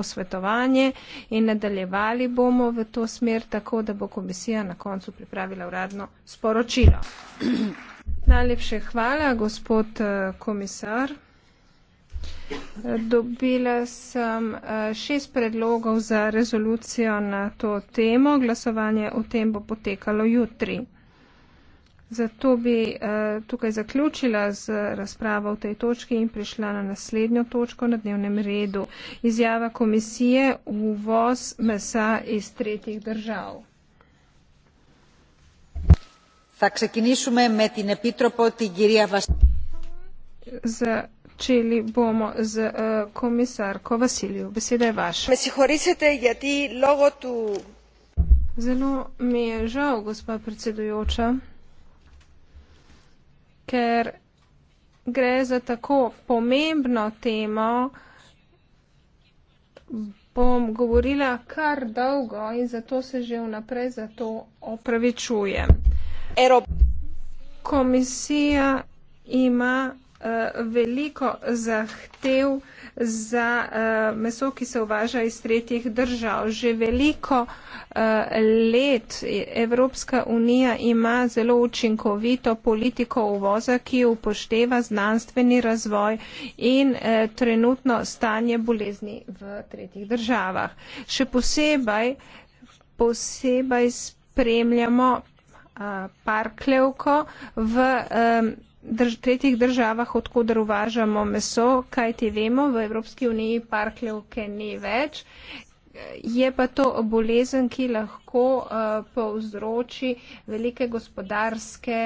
posvetovanje in nadaljevali bomo v to smer tako, da bo komisija na koncu pripravila uradno sporočilo. Najlepše hvala, gospod eh, komisar. Dobila sem eh, šest predlogov za rezolucijo na to temo. Glasovanje o tem bo potekalo jutri. Zato bi eh, tukaj zaključila z razpravo v tej točki in prišla na naslednjo točko na dnevnem redu. Izjava komisije uvoz mesa iz tretjih držav. Začeli bomo z eh, komisarko Vasilijo. Beseda je vaša. Zelo mi je žal, gospod predsedujoča ker gre za tako pomembno temo, bom govorila kar dolgo in zato se že vnaprej za to opravičujem. Komisija ima Eh, veliko zahtev za uh, meso, ki se uvaža iz tretjih držav. Že veliko uh, let Evropska unija ima zelo učinkovito politiko uvoza, ki upošteva znanstveni razvoj in uh, trenutno stanje bolezni v tretjih državah. Še posebej, posebej spremljamo uh, parklevko v. Um, drž tretjih državah, odkuder uvažamo meso, kaj ti vemo, v Evropski uniji parkljevke ni več. Je pa to bolezen, ki lahko uh, povzroči velike gospodarske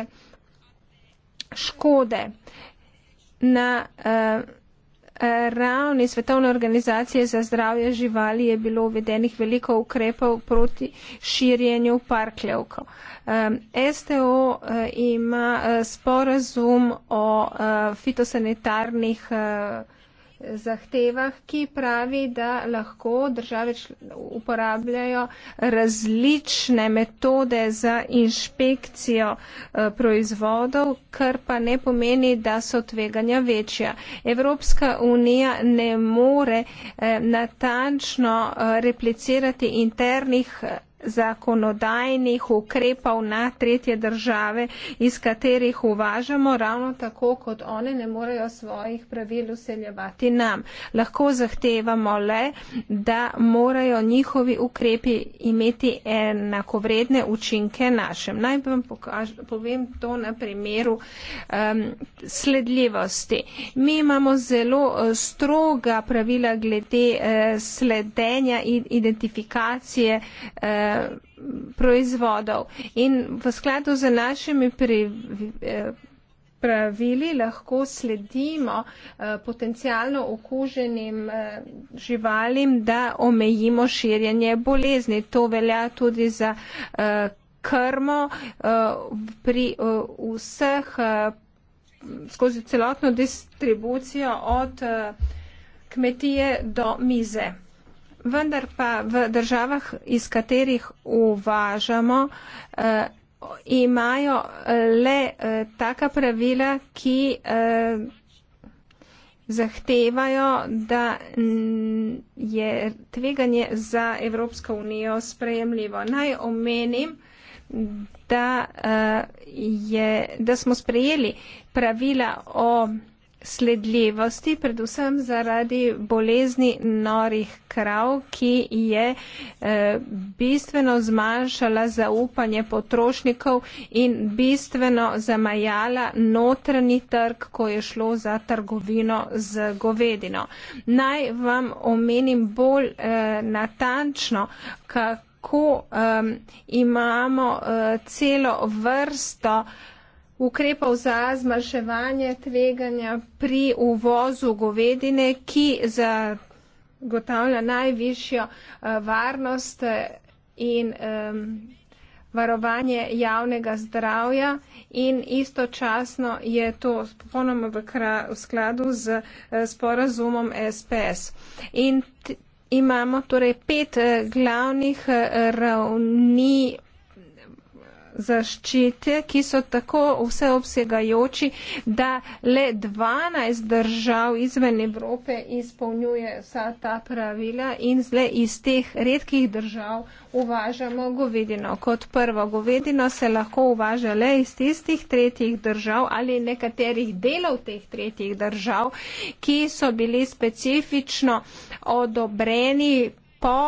škode. Na, uh, ravni Svetovne organizacije za zdravje živali je bilo uvedenih veliko ukrepov proti širjenju parkljevkov. STO e, ima e, sporazum o e, fitosanitarnih zahtevah, ki pravi, da lahko države uporabljajo različne metode za inšpekcijo eh, proizvodov, kar pa ne pomeni, da so tveganja večja. Evropska unija ne more eh, natančno eh, replicirati internih zakonodajnih ukrepov na tretje države, iz katerih uvažamo, ravno tako kot one ne morejo svojih pravil useljevati nam. Lahko zahtevamo le, da morajo njihovi ukrepi imeti enakovredne učinke našem. Naj vam povem to na primeru um, sledljivosti. Mi imamo zelo eh, stroga pravila glede uh, sledenja in identifikacije uh, proizvodov. In v skladu z našimi pri, eh, pravili lahko sledimo eh, potencijalno okuženim eh, živalim, da omejimo širjenje bolezni. To velja tudi za krmo pri vseh skozi celotno distribucijo od kmetije do mize vendar pa v državah, iz katerih uvažamo, eh, imajo eh, le eh, taka pravila, ki eh, zahtevajo, da je tveganje za Evropsko unijo sprejemljivo. Naj omenim, da, eh, je, da smo sprejeli pravila o sledljivosti, predvsem zaradi bolezni norih krav, ki je eh, bistveno zmanjšala zaupanje potrošnikov in bistveno zamajala notranji trg, ko je šlo za trgovino z govedino. Naj vam omenim bolj eh, natančno, kako ehm, imamo eh, celo vrsto ukrepov za zmanjševanje tveganja pri uvozu govedine, ki zagotavlja najvišjo eh, varnost eh, in um, varovanje javnega zdravja in istočasno je to popolnoma v, v skladu z eh, sporazumom SPS. In imamo torej pet glavnih ravni zaščite, ki so tako vseobsegajoči, da le 12 držav izven Evrope izpolnjuje vsa ta pravila in zle iz teh redkih držav uvažamo govedino. Kot prvo, govedino se lahko uvaža le iz tistih tretjih držav ali nekaterih delov teh tretjih držav, ki so bili specifično odobreni po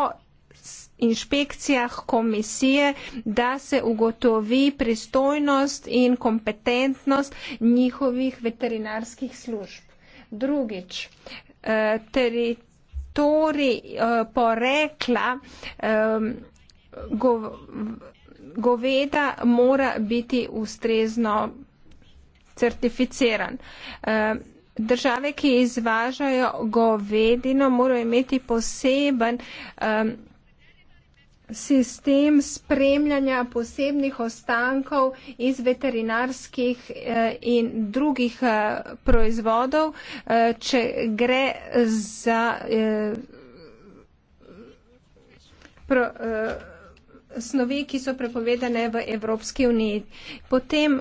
inšpekcijah komisije, da se ugotovi pristojnost in kompetentnost njihovih veterinarskih služb. Drugič, eh, teritorij eh, porekla goveda mora biti ustrezno certificiran. Države, ki izvažajo govedino, morajo imeti poseben um, sistem spremljanja posebnih ostankov iz veterinarskih eh, in drugih eh, proizvodov, eh, če gre za snovi, ki so prepovedane v Evropski uniji. Potem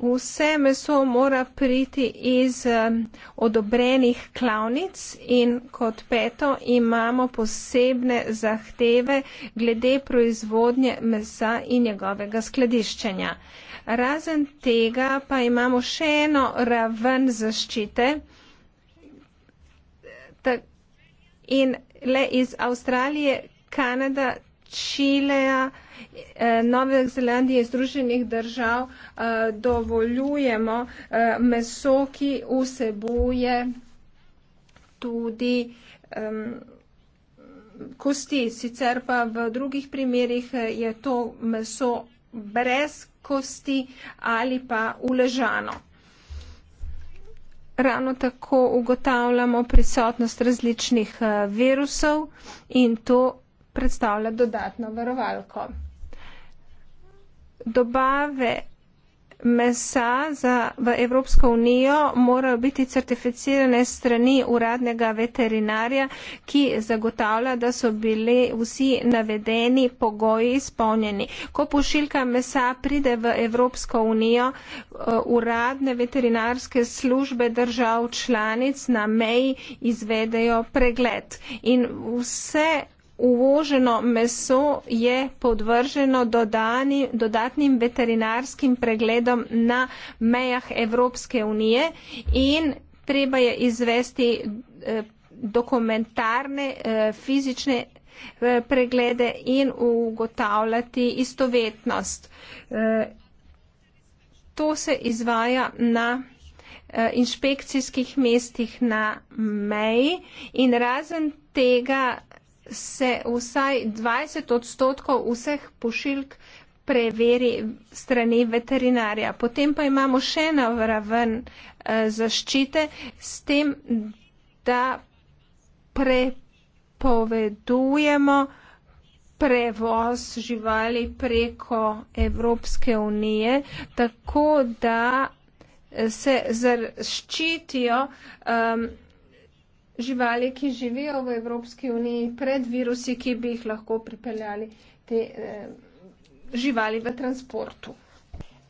Vse meso mora priti iz um, odobrenih klavnic in kot peto imamo posebne zahteve glede proizvodnje mesa in njegovega skladiščenja. Razen tega pa imamo še eno raven zaščite in le iz Avstralije, Kanada, Čileja, eh, Nove Zelandije, Združenih držav eh, dovoljujemo eh, meso, ki vsebuje tudi um, kosti, sicer pa v drugih primerih je to meso brez kosti ali pa uležano. Ravno tako ugotavljamo prisotnost različnih virusov in to predstavlja dodatno varovalko. Dobave mesa za, v Evropsko unijo morajo biti certificirane strani uradnega veterinarja, ki zagotavlja, da so bili vsi navedeni pogoji izpolnjeni. Ko pošiljka mesa pride v Evropsko unijo, eh, uradne veterinarske službe držav članic na meji izvedejo pregled in vse uvoženo meso je podvrženo dodani, dodatnim veterinarskim pregledom na mejah Evropske unije in treba je izvesti eh, dokumentarne eh, fizične eh, preglede in ugotavljati istovetnost. To se izvaja na inšpekcijskih mestih na meji in razen tega se vsaj 20 odstotkov vseh pošiljk preveri strani veterinarja. Potem pa imamo še na raven eh, zaščite s tem, da prepovedujemo prevoz živali preko Evropske unije, tako da eh, se zaščitijo um, živali, ki živijo v Evropski uniji, pred virusi, ki bi jih lahko pripeljali te eh, živali v transportu.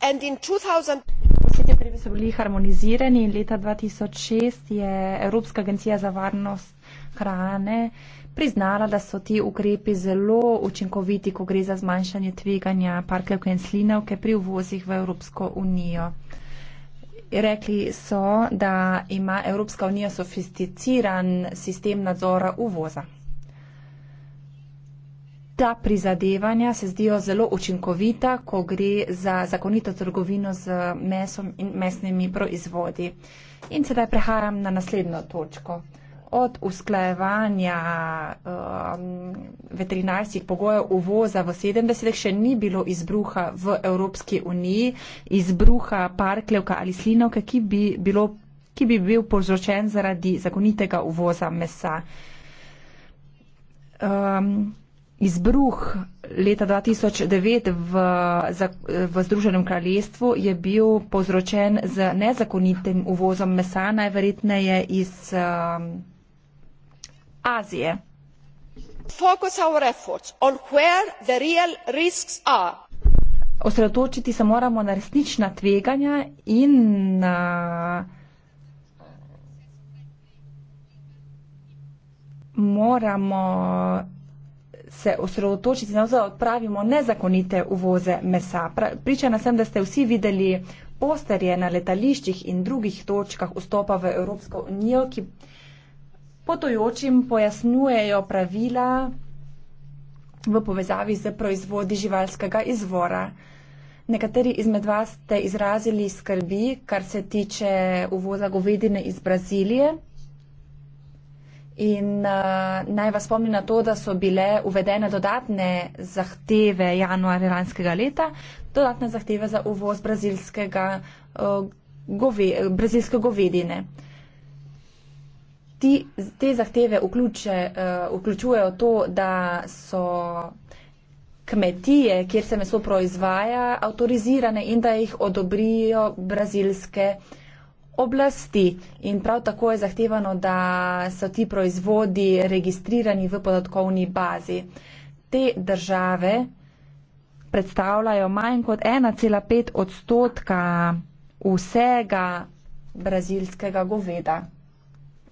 Vsi ti prvi so bili harmonizirani in leta 2006 je Evropska agencija za varnost hrane priznala, da so ti ukrepi zelo učinkoviti, ko gre za zmanjšanje tveganja parkljev in slinavke pri uvozih v Evropsko unijo. Rekli so, da ima Evropska unija sofisticiran sistem nadzora uvoza. Ta prizadevanja se zdijo zelo učinkovita, ko gre za zakonito trgovino z mesom in mesnimi proizvodi. In sedaj prehajam na naslednjo točko od usklajevanja um, veterinarskih pogojev uvoza v 70-ih še ni bilo izbruha v Evropski uniji, izbruha parklevka ali slinovke, ki bi, bilo, ki bi bil povzročen zaradi zakonitega uvoza mesa. Um, Izbruh leta 2009 v, v Združenem kraljestvu je bil povzročen z nezakonitim uvozom mesa, najverjetneje iz uh, asia. focus our efforts on where the real risks are. Osredotočiti se moramo na resnična tveganja in na moramo se osredotočiti na to, da odpravimo nezakonite uvoze mesa. Pričana sem, da ste vsi videli posterje na letališčih in drugih točkah vstopa v Evropsko unijo, ki potujočim pojasnjujejo pravila v povezavi z proizvodi živalskega izvora. Nekateri izmed vas ste izrazili skrbi, kar se tiče uvoza govedine iz Brazilije. In uh, naj vas spomnim na to, da so bile uvedene dodatne zahteve januarja lanskega leta, dodatne zahteve za uvoz brazilske uh, gove, brazilske govedine. Uh, ti, te zahteve vključe, uh, vključujejo to, da so kmetije, kjer se meso proizvaja, avtorizirane in da jih odobrijo brazilske oblasti. In prav tako je zahtevano, da so ti proizvodi registrirani v podatkovni bazi. Te države predstavljajo manj kot 1,5 odstotka vsega brazilskega goveda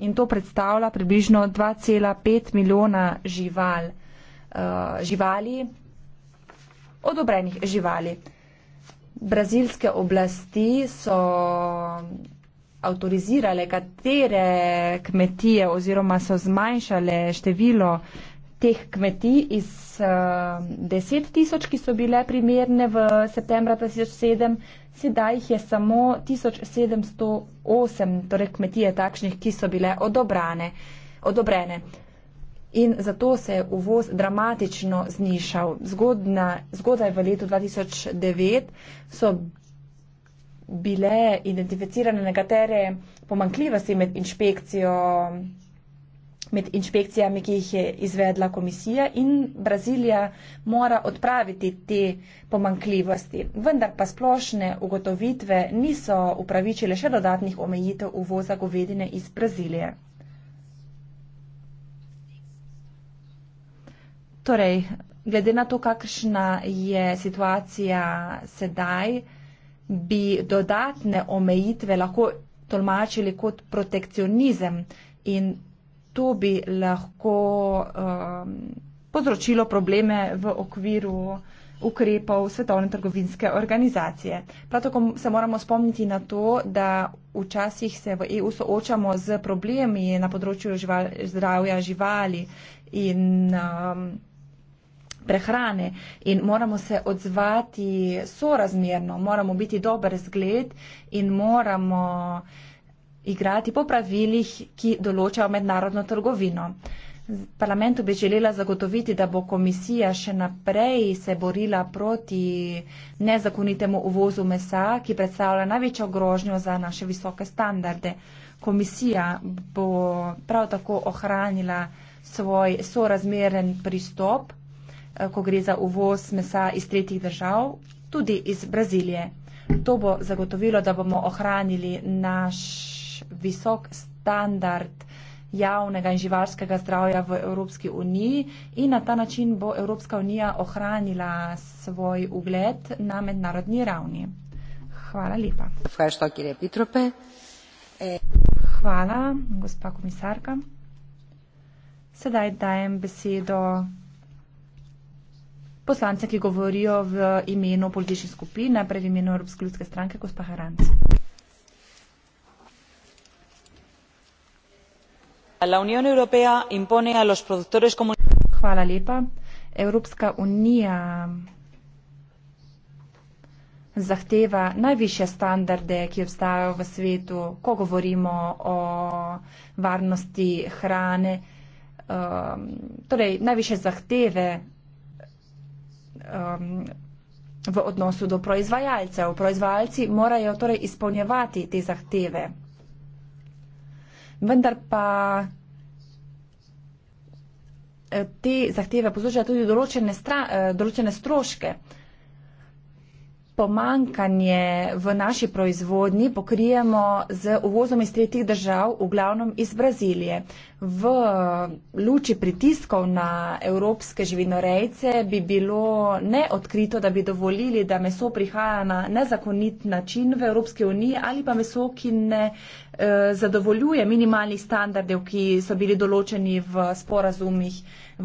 in to predstavlja približno 2,5 milijona žival, uh, živali, odobrenih živali. Brazilske oblasti so avtorizirale, katere kmetije oziroma so zmanjšale število uh, teh kmetij iz 10 eh, tisoč, ki so bile primerne v septembra 2007, sedaj jih je samo 1708, torej kmetije takšnih, ki so bile odobrane, odobrene. In zato se je uvoz dramatično znišal. Zgodna, zgodaj v letu 2009 so bile identificirane nekatere pomankljivosti med inšpekcijo med inšpekcijami, ki jih je izvedla komisija in Brazilija mora odpraviti te pomankljivosti. Vendar pa splošne ugotovitve niso upravičile še dodatnih omejitev uvoza govedine iz Brazilije. Torej, glede na to, kakšna je situacija sedaj, bi dodatne omejitve lahko tolmačili kot protekcionizem in to bi lahko um, povzročilo probleme v okviru ukrepov Svetovne trgovinske organizacije. Prav tako se moramo spomniti na to, da včasih se v EU soočamo z problemi na področju žival, zdravja živali in um, prehrane in moramo se odzvati sorazmerno, moramo biti dober zgled in moramo uh, igrati po pravilih, ki določajo mednarodno trgovino. Parlamentu bi želela zagotoviti, da bo komisija še naprej se borila proti nezakonitemu uvozu mesa, ki predstavlja največjo grožnjo za naše visoke standarde. Komisija bo prav tako ohranila svoj sorazmeren pristop, eh, ko gre za uvoz mesa iz tretjih držav, tudi iz Brazilije. To bo zagotovilo, da bomo ohranili naš visok standard javnega in živalskega zdravja v Evropski uniji in na ta način bo Evropska unija ohranila svoj ugled na mednarodni ravni. Hvala lepa. Hvala, gospa komisarka. Sedaj dajem besedo poslance, ki govorijo v imenu političnih skupin, najprej v imenu Evropske ljudske stranke, gospa Haranc. Hvala lepa. Evropska unija zahteva najvišje standarde, ki obstajajo v svetu, ko govorimo o varnosti hrane, ehm, torej najvišje zahteve ehm, v odnosu do proizvajalcev. Proizvajalci morajo torej izpolnjevati te zahteve vendar pa eh, te zahteve povzročajo tudi določene, stra, eh, določene stroške. Pomankanje v naši proizvodnji pokrijemo z uvozom iz tretjih držav, v glavnem iz Brazilije. V eh, luči pritiskov na evropske živinorejce bi bilo neodkrito, da bi dovolili, da meso prihaja na nezakonit način v Evropski uniji ali pa meso, ki ne Eh, zadovoljuje minimalnih standardov, ki so bili določeni v sporazumih,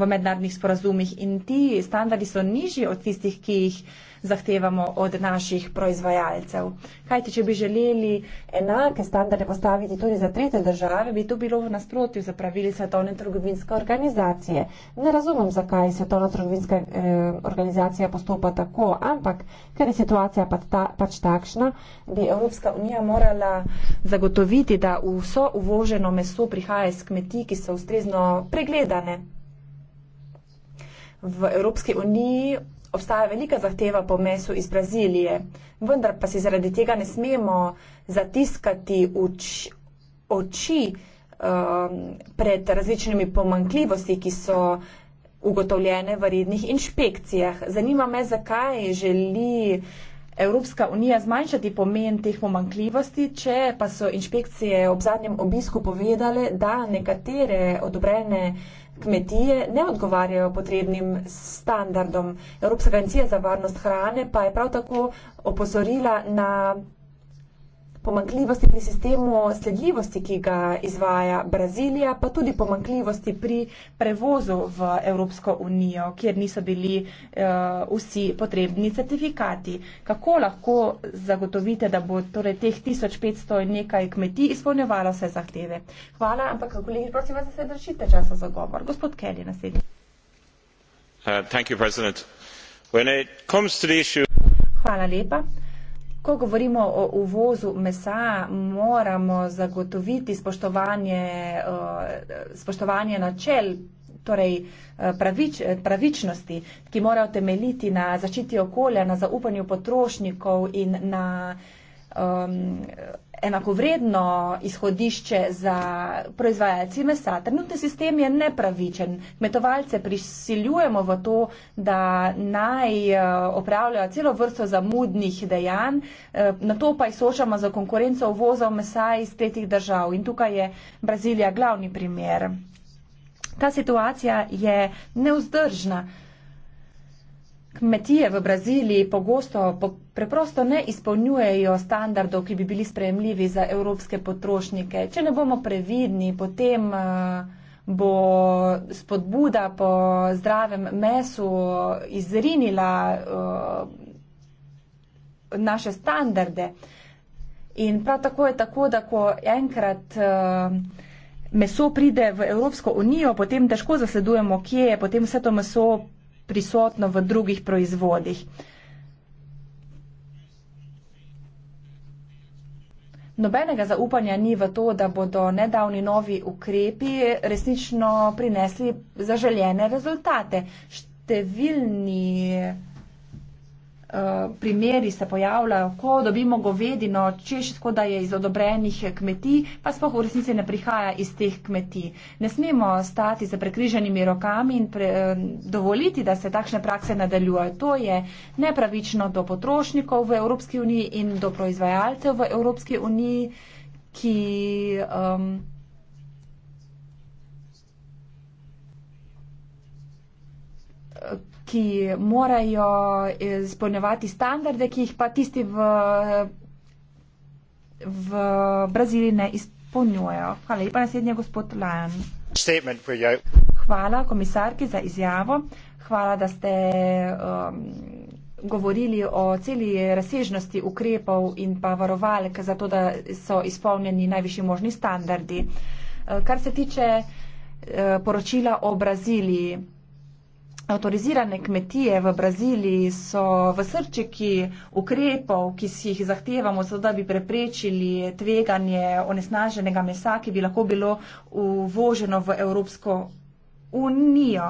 v mednarodnih sporazumih in ti standardi so nižji od tistih, ki jih uh, zahtevamo od naših proizvajalcev. Kajti, če bi želeli enake standarde postaviti tudi za tretje države, bi to bilo v nasprotju za pravili Svetovne trgovinske organizacije. Ne razumem, zakaj Svetovna trgovinska eh, organizacija postopa tako, ampak ker je situacija pa ta, pač takšna, bi Evropska unija morala zagotoviti, da vso uvoženo meso prihaja iz kmetij, ki so ustrezno pregledane. V Evropski uniji obstaja velika zahteva po mesu iz Brazilije, vendar pa si zaradi tega ne smemo zatiskati uč, oči um, pred različnimi pomankljivosti, ki so ugotovljene v rednih inšpekcijah. Zanima me, zakaj želi Evropska unija zmanjšati pomen teh pomankljivosti, če pa so inšpekcije ob zadnjem obisku povedale, da nekatere odobrene uh, kmetije ne odgovarjajo potrebnim standardom. Evropska agencija za varnost hrane pa je prav tako opozorila na pomankljivosti pri sistemu sledljivosti, ki ga izvaja Brazilija, pa tudi pomankljivosti pri prevozu v Evropsko unijo, kjer niso bili uh, vsi potrebni certifikati. Kako lahko zagotovite, da bo torej teh 1500 in nekaj kmetij izpolnjevalo vse zahteve? Hvala, ampak kolegi, prosim vas, da se držite časa za govor. Gospod Kelly, naslednji. Uh, Hvala lepa. Ko govorimo o uvozu mesa, moramo zagotoviti spoštovanje, eh, spoštovanje načel, torej eh, pravič, pravičnosti, ki morajo temeljiti na zaščiti okolja, na zaupanju potrošnikov in na um, enakovredno izhodišče za proizvajalci mesa. Trenutni sistem je nepravičen. Kmetovalce prisiljujemo v to, da naj uh, opravljajo celo vrsto zamudnih dejanj, uh, na to pa jih sošamo za konkurenco uvoza mesa iz tretjih držav. In tukaj je Brazilija glavni primer. Ta situacija je nevzdržna. Kmetije v Braziliji pogosto preprosto ne izpolnjujejo standardov, ki bi bili sprejemljivi za evropske potrošnike. Če ne bomo previdni, potem eh, bo spodbuda po zdravem mesu izrinila eh, naše standarde. In prav tako je tako, da ko enkrat eh, meso pride v Evropsko unijo, potem težko zasledujemo, kje je potem vse to meso prisotno v drugih proizvodih. Uh, Nobenega zaupanja ni v to, da bodo nedavni novi ukrepi resnično prinesli zaželjene rezultate. Številni Eh, primeri se pojavljajo, ko dobimo govedino, češ tako, da je iz odobrenih kmetij, pa spoh v resnici ne prihaja iz teh kmetij. Ne smemo stati za prekriženimi rokami in pre, eh, dovoliti, da se takšne prakse nadaljujejo. To je nepravično do potrošnikov v Evropski uniji in do proizvajalcev v Evropski uniji, ki. Um, uh, ki morajo izpolnjevati standarde, ki jih pa tisti v, v Braziliji ne izpolnjujejo. Hvala lepa, naslednji gospod Lajan. Hvala komisarki za izjavo. Hvala, da ste um, govorili o celi razsežnosti ukrepov in pa varovalk za to, da so izpolnjeni najvišji možni standardi. Uh, kar se tiče uh, poročila o Braziliji, Avtorizirane kmetije v Braziliji so v srčeki ukrepov, ki si jih zahtevamo, zato da bi preprečili tveganje onesnaženega mesa, ki bi lahko bilo uvoženo v Evropsko unijo.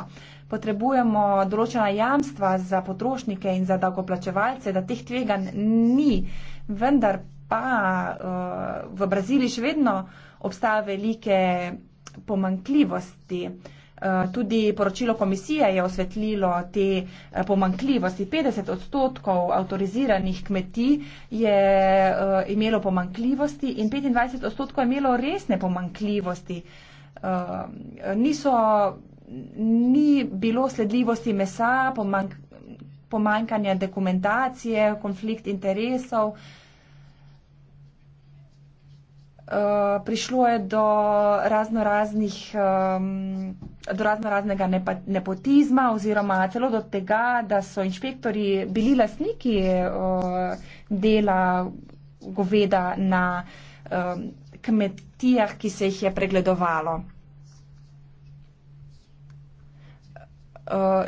Potrebujemo določena jamstva za potrošnike in za davkoplačevalce, da teh tvegan ni, vendar pa uh, v Braziliji še vedno obstaja velike pomankljivosti. Uh, Eh, tudi poročilo komisije je osvetlilo te eh, pomankljivosti. 50 odstotkov avtoriziranih kmetij je eh, imelo pomankljivosti in 25 odstotkov je imelo resne pomankljivosti. Niso, ni bilo sledljivosti mesa, pomank, pomankanja dokumentacije, konflikt interesov. Prišlo je do razno raznih um, ehm, do razno raznega nepotizma oziroma celo do tega, da so inšpektori bili lasniki dela goveda na um, kmetijah, ki se jih je pregledovalo.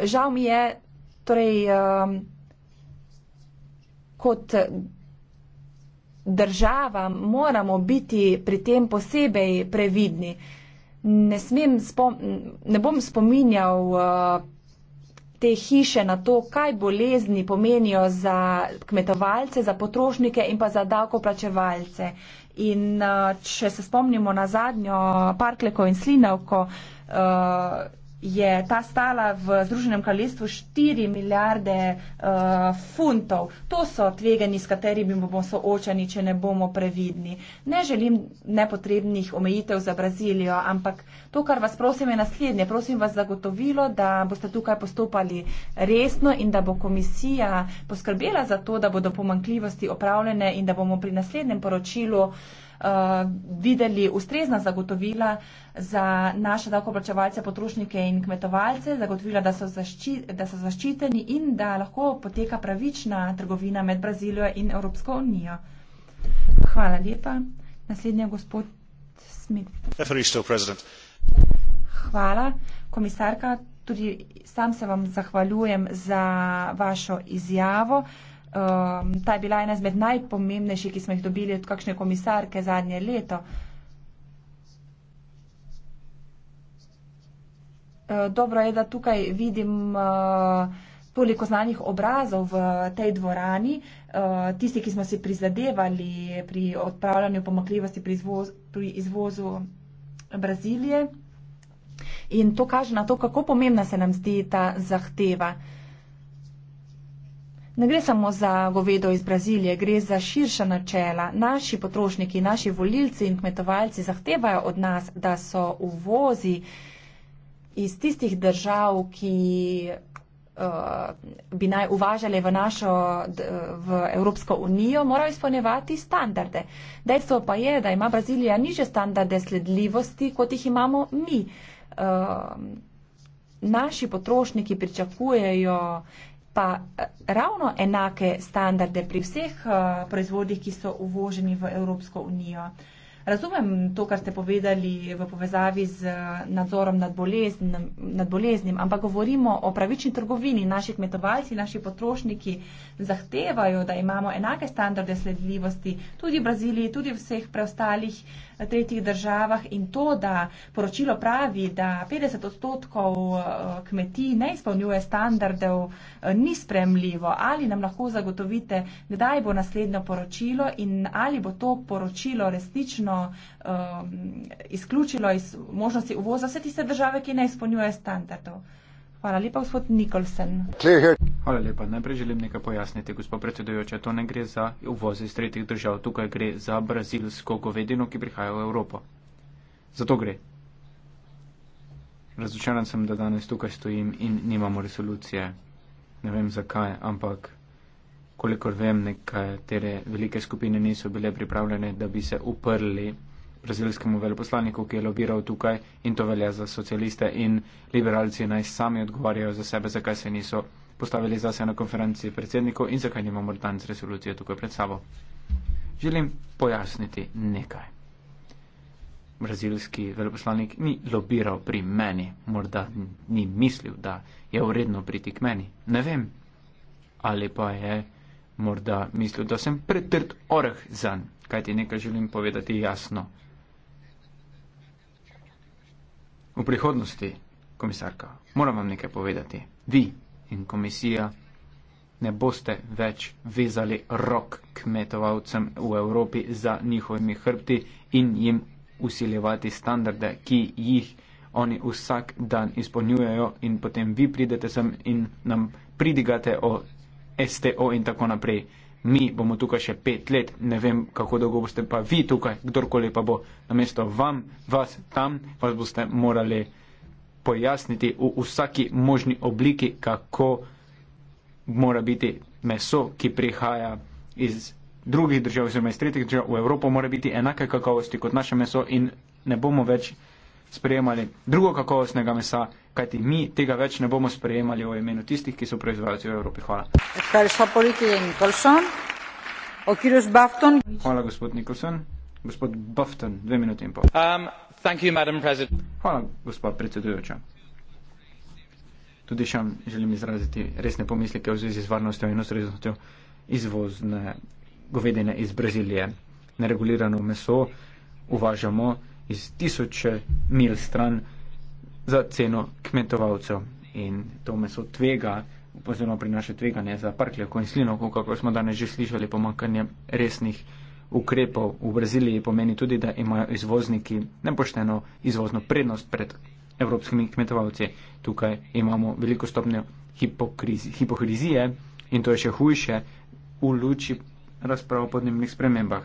Žal mi je, torej, um, kot država moramo biti pri tem posebej previdni ne, spom, ne bom spominjal uh, te hiše na to, kaj bolezni pomenijo za kmetovalce, za potrošnike in pa za davkoplačevalce. In uh, če se spomnimo na zadnjo parkleko in slinavko, uh, je ta stala v Združenem kraljestvu 4 milijarde uh, funtov. To so tvegani, s katerimi bomo soočani, če ne bomo previdni. Ne želim nepotrebnih omejitev za Brazilijo, ampak to, kar vas prosim, je naslednje. Prosim vas zagotovilo, da boste tukaj postopali resno in da bo komisija poskrbela za to, da bodo pomankljivosti opravljene in da bomo pri naslednjem poročilu. Eh, videli ustrezna zagotovila za naše davkoplačevalce, potrošnike in kmetovalce, zagotovila, da so, zaščiteni, da so zaščiteni in da lahko poteka pravična trgovina med Brazilijo in Evropsko unijo. Hvala lepa. Naslednji je gospod Smith. Hvala, komisarka. Tudi sam se vam zahvaljujem za vašo izjavo. Uh, Um, ta je bila ena izmed najpomembnejših, ki smo jih dobili od kakšne komisarke zadnje leto. Uh, dobro je, da tukaj vidim uh, toliko znanih obrazov v tej dvorani. Uh, tisti, ki smo se prizadevali pri odpravljanju pomakljivosti pri, izvoz, pri izvozu Brazilije. In to kaže na to, kako pomembna se nam zdi ta zahteva. Uh, Ne gre samo za govedo iz Brazilije, gre za širša načela. Naši potrošniki, naši volilci in kmetovalci zahtevajo od nas, da so uvozi iz tistih držav, ki uh, bi naj uvažali v našo, v Evropsko unijo, morajo izpolnjevati standarde. Dejstvo pa je, da ima Brazilija niže standarde sledljivosti, kot jih imamo mi. Uh, naši potrošniki pričakujejo pa eh, ravno enake standarde pri vseh eh, proizvodih, ki so uvoženi v Evropsko unijo. Razumem to, kar ste povedali v povezavi z eh, nadzorom nad, bolezn, nad boleznim, ampak govorimo o pravični trgovini. Naši kmetovalci, naši potrošniki zahtevajo, da imamo enake standarde sledljivosti tudi v Braziliji, tudi v vseh preostalih eh, tretjih državah in to, da poročilo pravi, da 50 odstotkov eh, kmetij ne izpolnjuje standardov, ni spremljivo. Ali nam lahko zagotovite, kdaj bo naslednjo poročilo in ali bo to poročilo resnično praktično um, izključilo iz možnosti uvoza vse tiste države, ki ne izpolnjuje standardov. Hvala lepa, gospod Nikolsen. Hvala lepa. Najprej želim nekaj pojasniti, gospod predsedujoča. To ne gre za uvoz iz tretjih držav. Tukaj gre za brazilsko govedino, ki prihaja v Evropo. Zato gre. Razočaran sem, da danes tukaj stojim in nimamo resolucije. Ne vem zakaj, ampak kolikor vem, nekatere velike skupine niso bile pripravljene, da bi se uprli brazilskemu veleposlaniku, ki je lobiral tukaj in to velja za socialiste in liberalci naj sami odgovarjajo za sebe, zakaj se niso postavili zase na konferenci predsednikov in zakaj nimamo danes resolucije tukaj pred sabo. Želim pojasniti nekaj. Brazilski veleposlanik ni lobiral pri meni, morda ni mislil, da je uredno priti k meni. Ne vem. Ali pa je morda mislil, da sem pretrd oreh zan, kaj ti nekaj želim povedati jasno. V prihodnosti, komisarka, moram vam nekaj povedati. Vi in komisija ne boste več vezali rok kmetovalcem v Evropi za njihovimi hrbti in jim usiljevati standarde, ki jih oni vsak dan izpolnjujejo in potem vi pridete sem in nam pridigate o STO in tako naprej. Mi bomo tukaj še pet let, ne vem, kako dolgo boste pa vi tukaj, kdorkoli pa bo namesto vam, vas tam, vas boste morali pojasniti v vsaki možni obliki, kako mora biti meso, ki prihaja iz drugih držav, oziroma iz tretjih držav v Evropo, mora biti enake kakovosti kot naše meso in ne bomo več sprejemali drugo kakovostnega mesa kajti mi tega več ne bomo sprejemali v imenu tistih, ki so proizvajalci v Evropi. Hvala. Hvala, gospod Nicholson. Gospod Bufton, dve minuti in pol. Um, Hvala, gospod predsedujoča. Tudi šam želim izraziti resne pomisleke v zvezi z varnostjo in ustreznostjo izvozne govedine iz Brazilije. Neregulirano meso uvažamo iz tisoče mil stran za ceno kmetovalcev. In to meso tvega, oziroma prinaša tveganje za parkljo konislino, kako smo danes že slišali, pomankanje resnih ukrepov v Braziliji pomeni tudi, da imajo izvozniki nepošteno izvozno prednost pred evropskimi kmetovalci. Tukaj imamo veliko stopnjo hipokrizije in to je še hujše v luči razprav o podnebnih spremembah.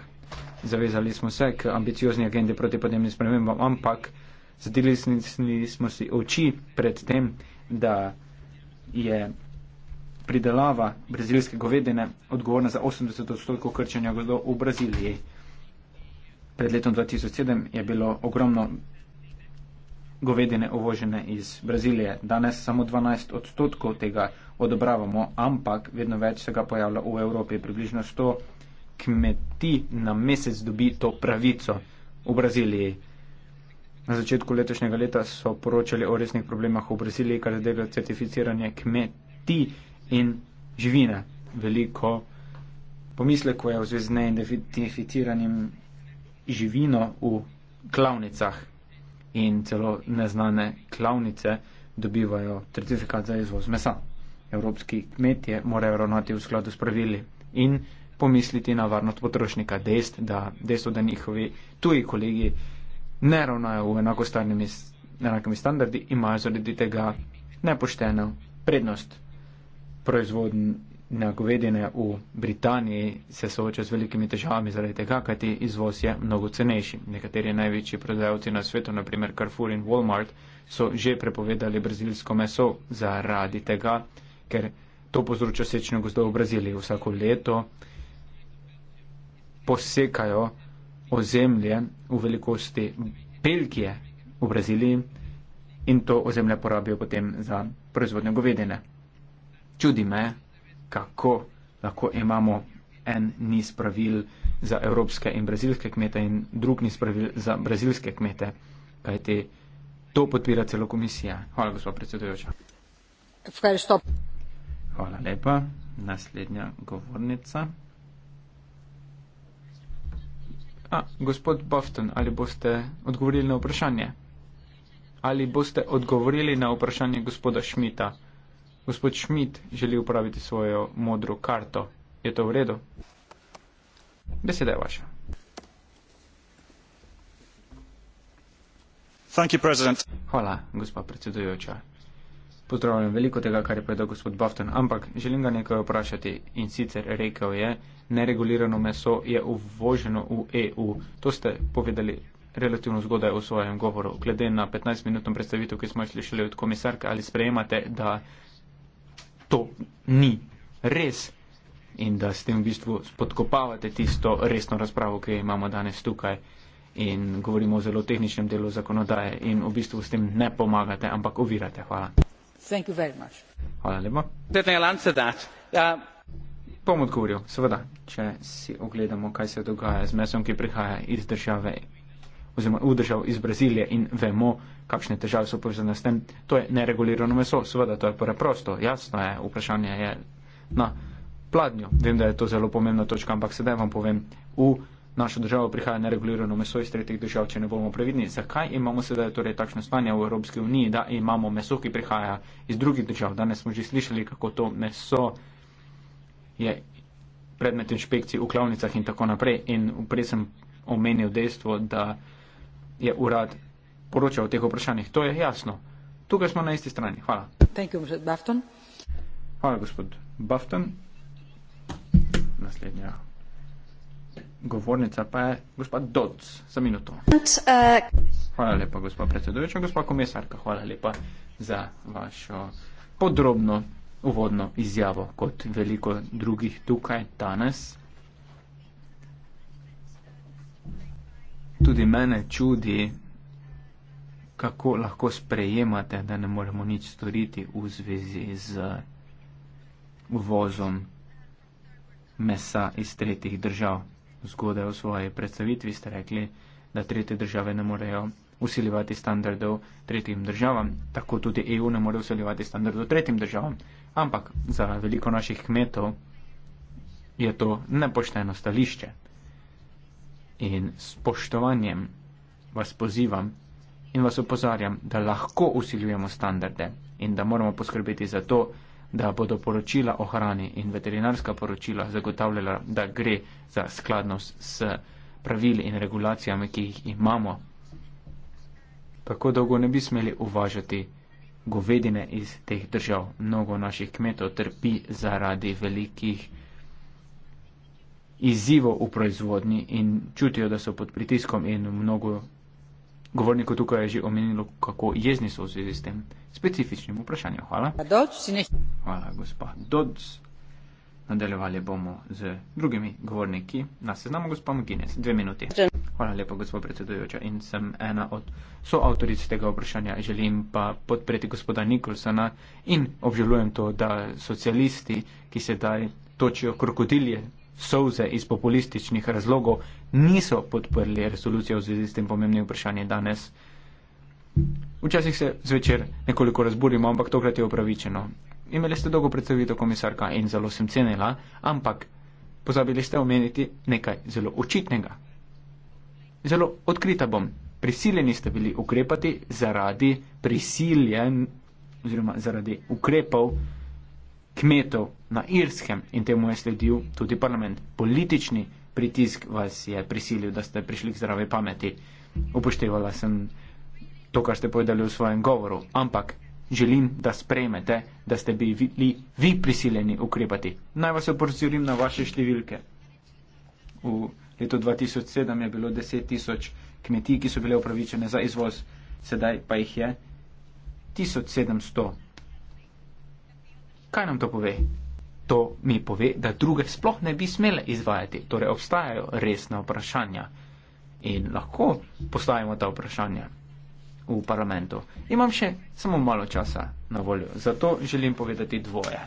Zavezali smo se k ambiciozni agendi proti podnebnim spremembam, ampak Zadelili smo si oči pred tem, da je pridelava brazilske govedine odgovorna za 80 odstotkov krčenja gozdov v Braziliji. Pred letom 2007 je bilo ogromno govedine uvožene iz Brazilije. Danes samo 12 odstotkov tega odobravamo, ampak vedno več se ga pojavlja v Evropi. Približno 100 kmetij na mesec dobi to pravico v Braziliji. Na začetku letošnjega leta so poročali o resnih problemah v Braziliji, kar zadeva certificiranje kmetij in živine. Veliko pomislekov je v zvezi z neidentificiranjem živino v klavnicah in celo neznane klavnice dobivajo certifikat za izvoz mesa. Evropski kmetje morajo ravnati v skladu s pravili in pomisliti na varnost potrošnika. Dejstvo, da, dejst, da njihovi tuji kolegi ne ravnajo v enakostarnimi standardi, imajo zaradi tega nepošteno prednost. Proizvodnja govedine v Britaniji se sooča z velikimi težavami zaradi tega, kajti izvoz je mnogo cenejši. Nekateri največji prodajalci na svetu, naprimer Carrefour in Walmart, so že prepovedali brazilsko meso zaradi tega, ker to povzroča sečno gozdo v Braziliji. Vsako leto posekajo ozemlje v velikosti Belgije v Braziliji in to ozemlje porabijo potem za proizvodnjo govedine. Čudi me, kako lahko imamo en niz pravil za evropske in brazilske kmete in drug niz pravil za brazilske kmete, kajti to podpira celo komisija. Hvala, gospod predsedujoča. Hvala lepa. Naslednja govornica. A, gospod Bofton, ali boste odgovorili na vprašanje? Ali boste odgovorili na vprašanje gospoda Šmita? Gospod Šmit želi upraviti svojo modro karto. Je to v redu? Beseda je vaša. Hvala, gospod predsedujoča. Pozdravljam veliko tega, kar je povedal gospod Bafton, ampak želim ga nekaj vprašati in sicer rekel je, neregulirano meso je uvoženo v EU. To ste povedali relativno zgodaj v svojem govoru. Glede na 15-minutno predstavitev, ki smo jo slišali od komisarke, ali sprejemate, da to ni res in da s tem v bistvu spodkopavate tisto resno razpravo, ki jo imamo danes tukaj. In govorimo o zelo tehničnem delu zakonodaje in v bistvu s tem ne pomagate, ampak ovirate. Hvala. Ja. bom odgovoril, seveda, če si ogledamo, kaj se dogaja z mesom, ki prihaja iz države oziroma v državo iz Brazilije in vemo, kakšne težave so povezane s tem. To je neregulirano meso, seveda, to je preprosto, jasno je, vprašanje je na pladnju. Vem, da je to zelo pomembna točka, ampak sedaj vam povem, v našo državo prihaja neregulirano meso iz tretjih držav, če ne bomo previdni. Zakaj imamo sedaj torej takšno stanje v Evropski uniji, da imamo meso, ki prihaja iz drugih držav? Danes smo že slišali, kako to meso je predmet inšpekcij v klavnicah in tako naprej. In prej sem omenil dejstvo, da je urad poročal o teh vprašanjih. To je jasno. Tukaj smo na isti strani. Hvala. Hvala, gospod Bafton. Naslednja Govornica pa je gospod Doc za minuto. Hvala lepa, gospod predsedujoča, gospod komisarka, hvala lepa za vašo podrobno uvodno izjavo, kot veliko drugih tukaj danes. Tudi mene čudi, kako lahko sprejemate, da ne moremo nič storiti v zvezi z uvozom mesa iz tretjih držav zgodaj v svoji predstavitvi ste rekli, da tretje države ne morejo usiljevati standardov tretjim državam, tako tudi EU ne more usiljevati standardov tretjim državam. Ampak za veliko naših kmetov je to nepošteno stališče. In s poštovanjem vas pozivam in vas opozarjam, da lahko usiljujemo standarde in da moramo poskrbeti za to, da bodo poročila o hrani in veterinarska poročila zagotavljala, da gre za skladnost s pravili in regulacijami, ki jih imamo. Tako dolgo ne bi smeli uvažati govedine iz teh držav. Mnogo naših kmetov trpi zaradi velikih izzivov v proizvodni in čutijo, da so pod pritiskom in mnogo govornikov tukaj je že omenilo, kako jezni so v zvezi s tem specifičnim vprašanjem. Hvala. Hvala, gospa Dodds. Nadaljevali bomo z drugimi govorniki na seznamu, gospod Mginec. Dve minuti. Hvala lepa, gospod predsedujoča. In sem ena od soavtoric tega vprašanja. Želim pa podpreti gospoda Nikolsona in obžalujem to, da socialisti, ki sedaj točijo krokodilje solze iz populističnih razlogov, niso podprli resolucije v zvezi s tem pomembnim vprašanjem danes. Včasih se zvečer nekoliko razburimo, ampak tokrat je upravičeno. Imeli ste dolgo predstavitev komisarka in zelo sem cenila, ampak pozabili ste omeniti nekaj zelo očitnega. Zelo odkrita bom. Prisiljeni ste bili ukrepati zaradi prisiljen oziroma zaradi ukrepov kmetov na Irskem in temu je sledil tudi parlament. Politični pritisk vas je prisilil, da ste prišli k zdravi pameti. Upoštevala sem to, kar ste povedali v svojem govoru, ampak želim, da sprejmete, da ste bili vi prisiljeni ukrepati. Naj vas oporozorim na vaše številke. V letu 2007 je bilo 10 tisoč kmetij, ki so bile upravičene za izvoz, sedaj pa jih je 1700. Kaj nam to pove? To mi pove, da druge sploh ne bi smele izvajati. Torej, obstajajo resna vprašanja in lahko postavimo ta vprašanja v parlamentu. Imam še samo malo časa na voljo, zato želim povedati dvoje.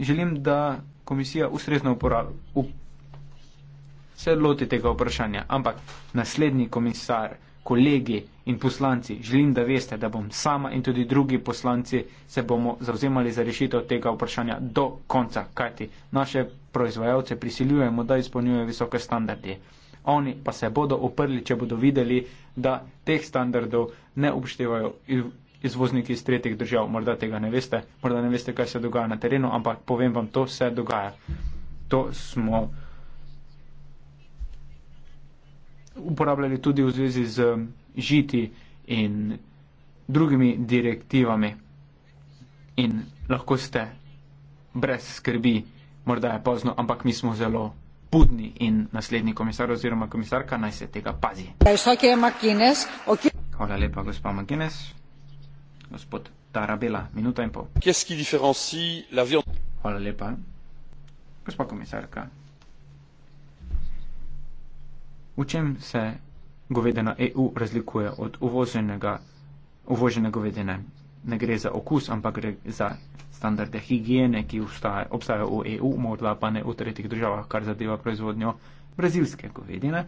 Želim, da komisija ustrezno se loti tega vprašanja, ampak naslednji komisar, kolegi in poslanci, želim, da veste, da bom sama in tudi drugi poslanci se bomo zauzemali za rešitev tega vprašanja do konca, kajti naše proizvajalce prisiljujemo, da izpolnjujejo visoke standarde oni pa se bodo oprli, če bodo videli, da teh standardov ne upoštevajo izvozniki iz tretjih držav. Morda tega ne veste, morda ne veste, kaj se dogaja na terenu, ampak povem vam, to se dogaja. To smo uporabljali tudi v zvezi z um, žiti in drugimi direktivami. In lahko ste brez skrbi, morda je pozno, ampak mi smo zelo budni in naslednji komisar oziroma komisarka naj se tega pazi. Hvala lepa, gospa Makines. Gospod Tarabela, minuta in pol. Hvala lepa, gospa komisarka. V čem se govedena EU razlikuje od uvoženega, uvožene govedine ne gre za okus, ampak gre za standarde higiene, ki vstaja, obstajajo v EU, morda pa ne v tretjih državah, kar zadeva proizvodnjo brazilske govedine.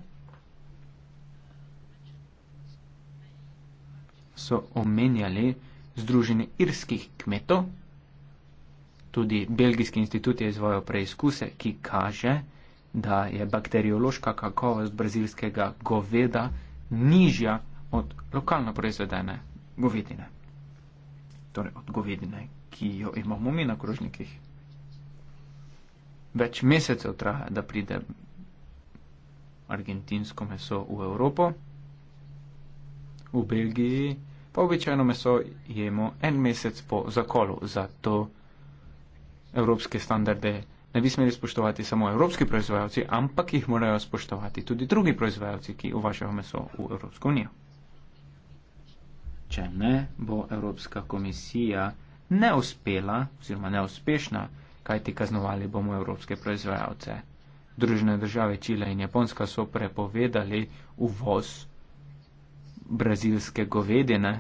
So omenjali Združenje irskih kmetov, tudi Belgijski institut je izvojal preizkuse, ki kaže, da je bakteriološka kakovost brazilskega goveda nižja od lokalno proizvedene govedine torej od govedine, ki jo imamo mi na krožnikih. Več mesecev traja, da pride argentinsko meso v Evropo, v Belgiji pa običajno meso jemo en mesec po zakolu, zato evropske standarde ne bi smeli spoštovati samo evropski proizvajalci, ampak jih morajo spoštovati tudi drugi proizvajalci, ki uvažajo meso v Evropsko unijo če ne bo Evropska komisija neuspela oziroma neuspešna, kajti kaznovali bomo evropske proizvajalce. Družene države Čile in Japonska so prepovedali uvoz brazilske govedine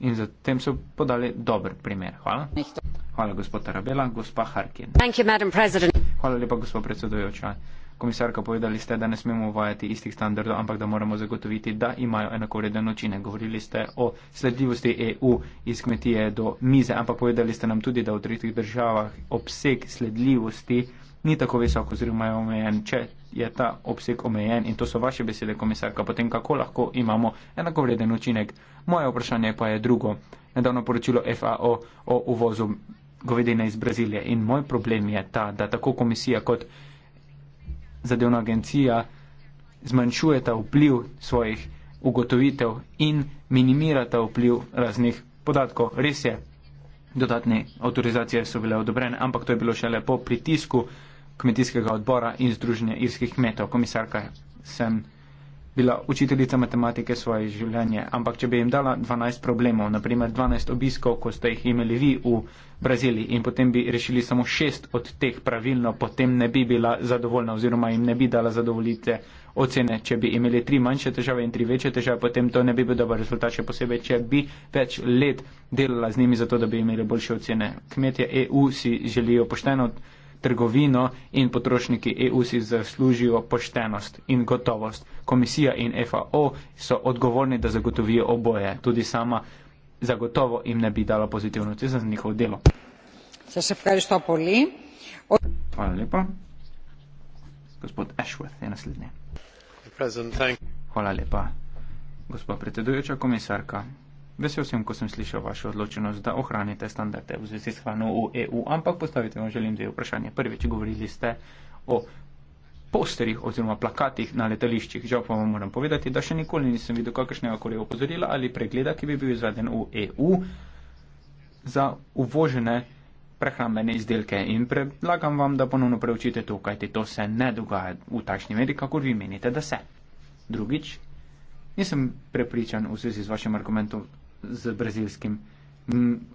in za tem so podali dober primer. Hvala. Hvala, gospod Arabela. Gospa Harkin. Hvala lepa, gospod predsedujoča komisarka, povedali ste, da ne smemo uvajati istih standardov, ampak da moramo zagotoviti, da imajo enakovreden način. Govorili ste o sledljivosti EU iz kmetije do mize, ampak povedali ste nam tudi, da v tretjih državah obseg sledljivosti ni tako visok oziroma je omejen, če je ta obseg omejen. In to so vaše besede, komisarka, potem kako lahko imamo enakovreden učinek. Moje vprašanje pa je drugo. Nedavno poročilo FAO o uvozu govedine iz Brazilije. In moj problem je ta, da tako komisija kot zadevna agencija zmanjšujeta vpliv svojih ugotovitev in minimirata vpliv raznih podatkov. Res je, dodatne avtorizacije so bile odobrene, ampak to je bilo šele po pritisku kmetijskega odbora in združenja irskih kmetov. Komisarka sem bila učiteljica matematike svoje življenje, ampak če bi jim dala 12 problemov, naprimer 12 obiskov, ko ste jih imeli vi v Braziliji in potem bi rešili samo šest od teh pravilno, potem ne bi bila zadovoljna oziroma jim ne bi dala zadovoljite ocene. Če bi imeli tri manjše težave in tri večje težave, potem to ne bi bil dober rezultat, še posebej, če bi več let delala z njimi zato, da bi imeli boljše ocene. Kmetje EU si želijo pošteno trgovino in potrošniki EU si zaslužijo poštenost in gotovost. Komisija in FAO so odgovorni, da zagotovijo oboje. Tudi sama zagotovo jim ne bi dala pozitivno ceno za njihovo delo. Se se pravi, poli. Od... Hvala lepa. Gospod Ashworth je naslednji. Hvala lepa. Gospod predsedujoča komisarka. Vesel sem, ko sem slišal vašo odločenost, da ohranite standarde v zvezi s hrano v EU, ampak postavite vam želim dve vprašanje. Prvič, govorili ste o posterih oziroma plakatih na letališčih. Žal pa vam moram povedati, da še nikoli nisem videl kakršnega koli opozorila ali pregleda, ki bi bil izveden v EU za uvožene prehrambene izdelke. In predlagam vam, da ponovno preučite to, kajti to se ne dogaja v takšni meri, kakor vi menite, da se. Drugič, nisem prepričan v zvezi z vašim argumentom, z brazilskim,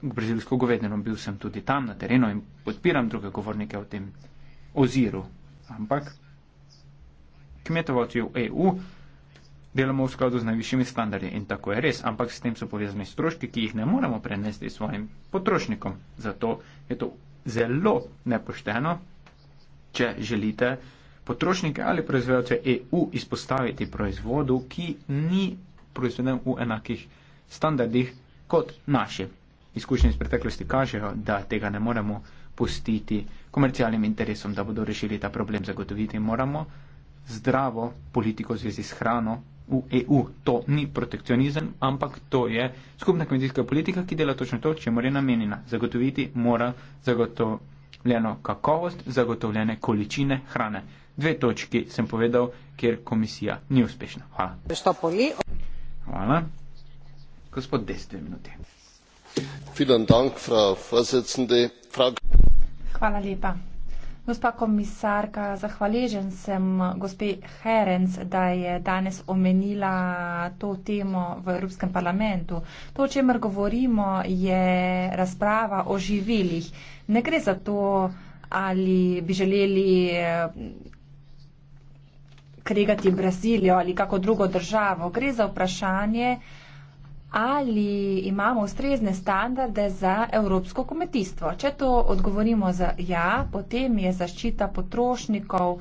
brazilsko govedenom. Bil sem tudi tam na terenu in podpiram druge govornike v tem oziru. Ampak kmetovalci v EU delamo v skladu z najvišjimi standardi in tako je res, ampak s tem so povezani stroški, ki jih ne moremo prenesti svojim potrošnikom. Zato je to zelo nepošteno, če želite potrošnike ali proizvajalce EU izpostaviti proizvodu, ki ni proizveden v enakih standardih kot naši. Izkušnje iz preteklosti kažejo, da tega ne moremo pustiti komercialnim interesom, da bodo rešili ta problem zagotoviti. Moramo zdravo politiko v zvezi s hrano v EU. To ni protekcionizem, ampak to je skupna kmetijska politika, ki dela točno to, če mora namenjena. Zagotoviti mora zagotovljeno kakovost, zagotovljene količine hrane. Dve točki sem povedal, kjer komisija ni uspešna. Hvala. Hvala gospod deset minute. Vielen Dank, Frau Vorsitzende. Frau... Hvala lepa. Gospa komisarka, zahvaležen sem gospe Herenc, da je danes omenila to temo v Evropskem parlamentu. To, o čemer govorimo, je razprava o živilih. Ne gre za to, ali bi želeli eh, kregati Brazilijo ali kako drugo državo. Gre za vprašanje, ali imamo ustrezne standarde za evropsko kmetijstvo. Če to odgovorimo za ja, potem je zaščita potrošnikov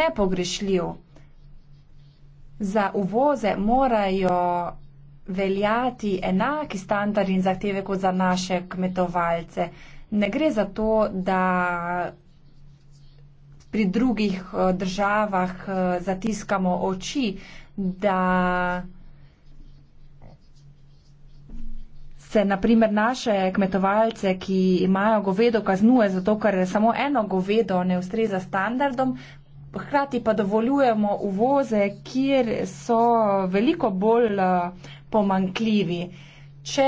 nepogrešljiv. Za uvoze morajo veljati enaki standardi in zahteve kot za naše kmetovalce. Ne gre za to, da pri drugih eh, državah eh, zatiskamo oči, da se naprimer naše kmetovalce, ki imajo govedo, kaznuje zato, ker samo eno govedo ne ustreza standardom, hkrati pa dovoljujemo uvoze, kjer so veliko bolj eh, pomankljivi. Če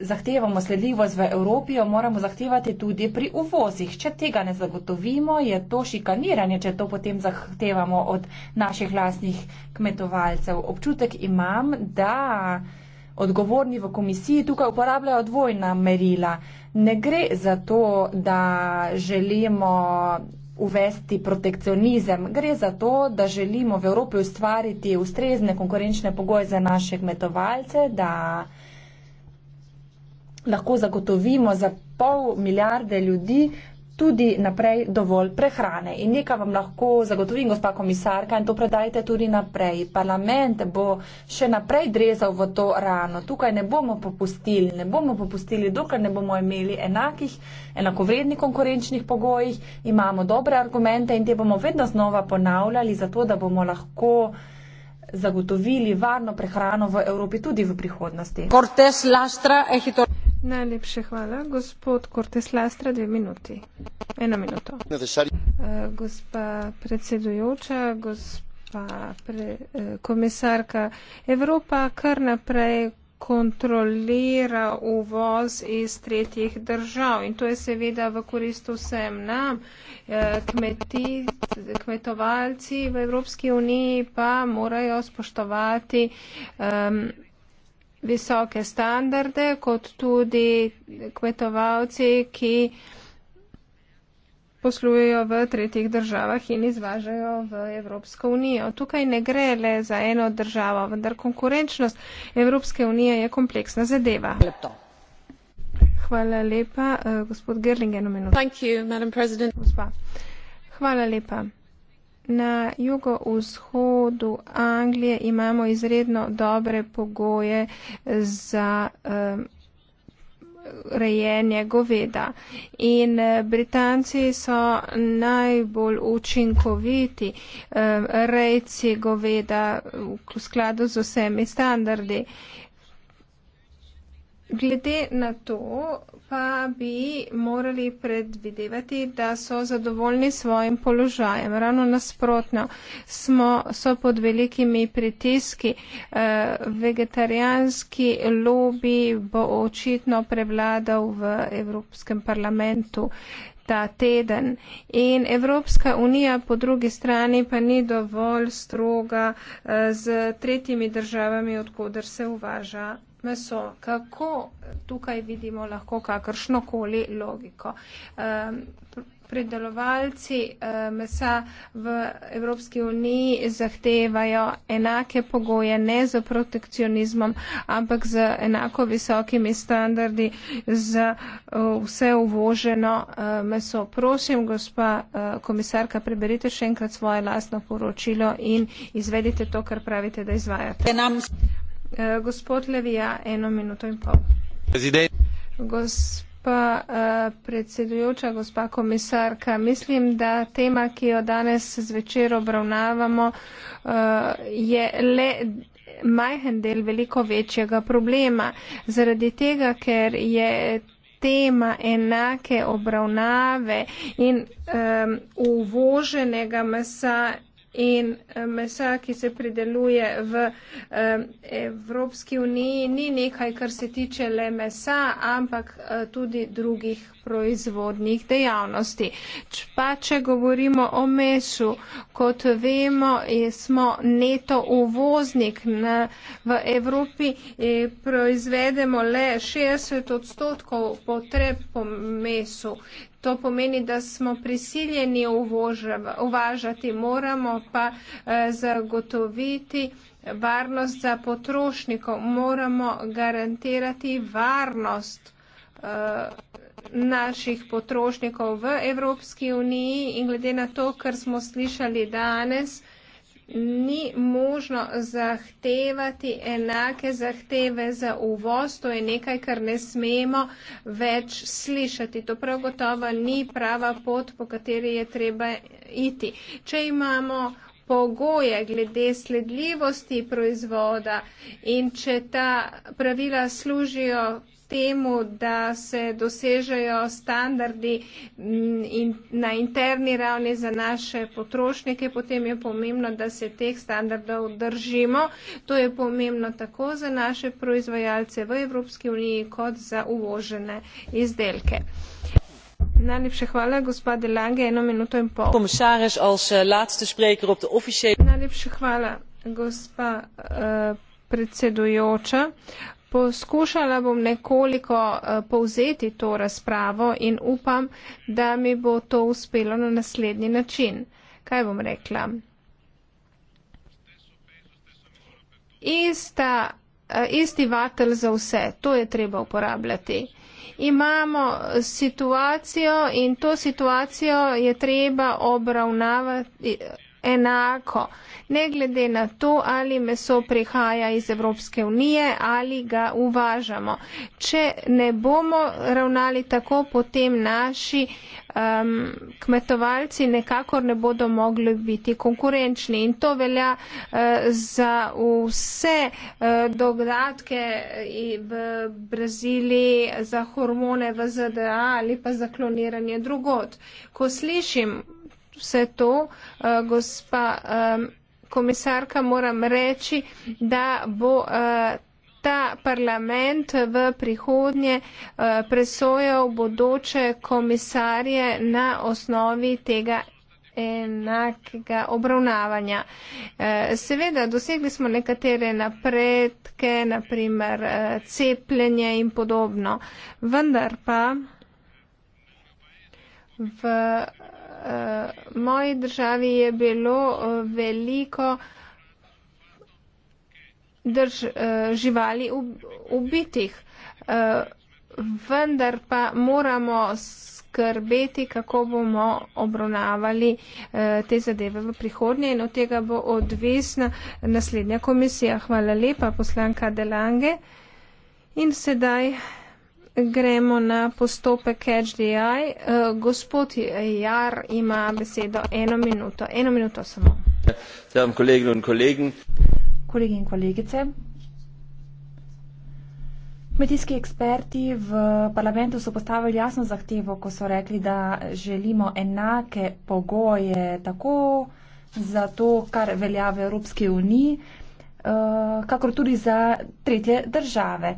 zahtevamo sledljivost v Evropi, jo moramo zahtevati tudi pri uvozih. Če tega ne zagotovimo, je to šikaniranje, če to potem zahtevamo od naših lastnih kmetovalcev. Občutek imam, da odgovorni v komisiji tukaj uporabljajo dvojna merila. Ne gre za to, da želimo uvesti protekcionizem. Gre za to, da želimo v Evropi ustvariti ustrezne konkurenčne pogoje za naše kmetovalce, da lahko zagotovimo za pol milijarde ljudi tudi naprej dovolj prehrane. In nekaj vam lahko zagotovim, gospa komisarka, in to predajte tudi naprej. Parlament bo še naprej drezal v to rano. Tukaj ne bomo popustili, ne bomo popustili, dokler ne bomo imeli enakih, enakovrednih konkurenčnih pogojih. Imamo dobre argumente in te bomo vedno znova ponavljali, zato da bomo lahko zagotovili varno prehrano v Evropi tudi v prihodnosti. Cortes, lastra, ehitor... Najlepše hvala. Gospod Kortes Lastra, dve minuti. Eno minuto. Gospa predsedujoča, gospa pre, komisarka, Evropa kar naprej kontrolira uvoz iz tretjih držav in to je seveda v korist vsem nam. E, kmeti, kmetovalci v Evropski uniji pa morajo spoštovati um, visoke standarde, kot tudi kmetovalci, ki poslujejo v tretjih državah in izvažajo v Evropsko unijo. Tukaj ne gre le za eno državo, vendar konkurenčnost Evropske unije je kompleksna zadeva. Lepto. Hvala lepa, uh, gospod Gerling, eno minuto. Hvala lepa. Na jugovzhodu Anglije imamo izredno dobre pogoje za um, rejenje goveda in eh, Britanci so najbolj učinkoviti um, rejci goveda v skladu z vsemi standardi. Um, Glede na to pa bi morali predvidevati, da so zadovoljni s svojim položajem. Ravno nasprotno, smo, so pod velikimi pritiski. Eh, vegetarijanski lobby bo očitno prevladal v Evropskem parlamentu ta teden. In Evropska unija po drugi strani pa ni dovolj stroga z eh, tretjimi državami, odkuder se uvaža meso. Kako tukaj vidimo lahko kakršno koli logiko? Ehm, Predelovalci eh, mesa v Evropski uniji zahtevajo enake pogoje, ne z protekcionizmom, ampak z enako visokimi standardi za eh, vse uvoženo eh, meso. Prosim, gospa komisarka, preberite še enkrat svoje lastno poročilo in izvedite to, kar pravite, da izvajate. Eh, gospa eh, predsedujoča, gospa komisarka, mislim, da tema, ki jo danes zvečer obravnavamo, eh, je le majhen del veliko večjega problema. Zaradi tega, ker je tema enake obravnave in um, uvoženega mesa in eh, mesa, ki se prideluje v eh, Evropski uniji, ni nekaj, kar se tiče le mesa, ampak eh, tudi drugih proizvodnih dejavnosti. Pa če govorimo o mesu, kot vemo, smo neto uvoznik v Evropi, eh, proizvedemo le 60 odstotkov potreb po mesu. To pomeni, da smo prisiljeni uvažati, moramo pa eh, zagotoviti varnost za potrošnikov, moramo garantirati varnost eh, naših potrošnikov v Evropski uniji in glede na to, kar smo slišali danes, ni možno zahtevati enake zahteve za uvoz. To je nekaj, kar ne smemo več slišati. To prav gotovo ni prava pot, po kateri je treba iti. Če imamo pogoje glede sledljivosti proizvoda in če ta pravila služijo temu, da se dosežejo standardi mm, in na interni ravni za naše potrošnike, potem je pomembno, da se teh standardov držimo. To je pomembno tako za naše proizvajalce v Evropski uniji kot za uvožene izdelke. Najlepša hvala, gospa Delange, eno minuto in pol. Komisarež, als eh, laatste spreker op de officiële. Najlepša hvala, gospa uh, predsedujoča. Poskušala bom nekoliko eh, povzeti to razpravo in upam, da mi bo to uspelo na naslednji način. Kaj bom rekla? Ista, eh, isti vatel za vse, to je treba uporabljati. Imamo situacijo in to situacijo je treba obravnavati enako, ne glede na to, ali meso prihaja iz Evropske unije ali ga uvažamo. Če ne bomo ravnali tako, potem naši um, kmetovalci nekako ne bodo mogli biti konkurenčni in to velja uh, za vse uh, dogodke v Braziliji, za hormone v ZDA ali pa za kloniranje drugot. Ko slišim, vse to, eh, gospa komisarka, moram reči, da bo eh, ta parlament v prihodnje eh, presojal bodoče komisarje na osnovi tega enakega obravnavanja. Seveda, dosegli smo nekatere napredke, naprimer cepljenje in podobno, vendar pa v Eh, moji državi je bilo eh, veliko drž, eh, živali ubitih. Vendar pa moramo skrbeti, kako bomo obravnavali te zadeve v prihodnje in od tega bo odvisna naslednja komisija. Hvala lepa, poslanka Delange. In sedaj gremo na postopek HDI. Uh, eh, gospod Jar ima besedo eno minuto. Eno minuto samo. Ja, kolegi in kolegen. Kolegi in kolegice. Kmetijski eksperti v parlamentu so postavili jasno zahtevo, ko so rekli, da želimo enake pogoje tako za to, kar velja v Evropski uniji, eh, kakor tudi za tretje države.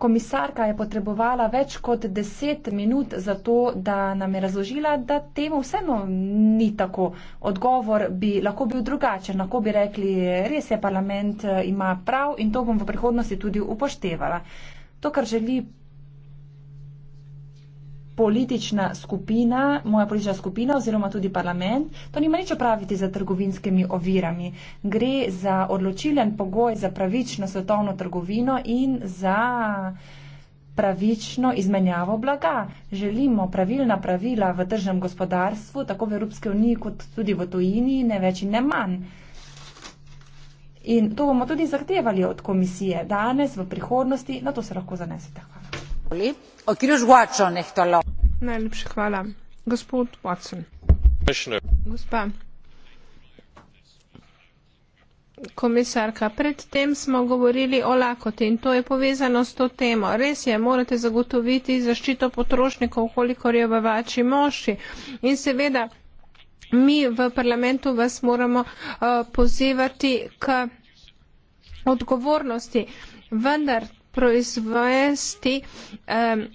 Komisarka je potrebovala več kot deset minut za to, da nam je razložila, da temu vseeno ni tako. Odgovor bi lahko bil drugačen. Lahko bi rekli, res je, parlament eh, ima prav in to bom v prihodnosti tudi upoštevala. To, kar želi politična skupina, moja politična skupina oziroma tudi parlament, to nima nič opraviti za trgovinskimi ovirami. Gre za odločilen pogoj za pravično svetovno trgovino in za pravično izmenjavo blaga. Želimo pravilna pravila v tržnem gospodarstvu, tako v Evropske uniji kot tudi v tujini, ne več in ne manj. In to bomo tudi zahtevali od komisije danes, v prihodnosti, na to se lahko zanesete. Hvala. Eh, najlepša hvala gospod watson gospa komisarka pred tem smo govorili o lakoti in to je povezano s to temo res je morate zagotoviti zaščito potrošnikov kolikor je v vaši moši in seveda mi v parlamentu vas moramo uh, pozivati k odgovornosti vendar proizvesti um,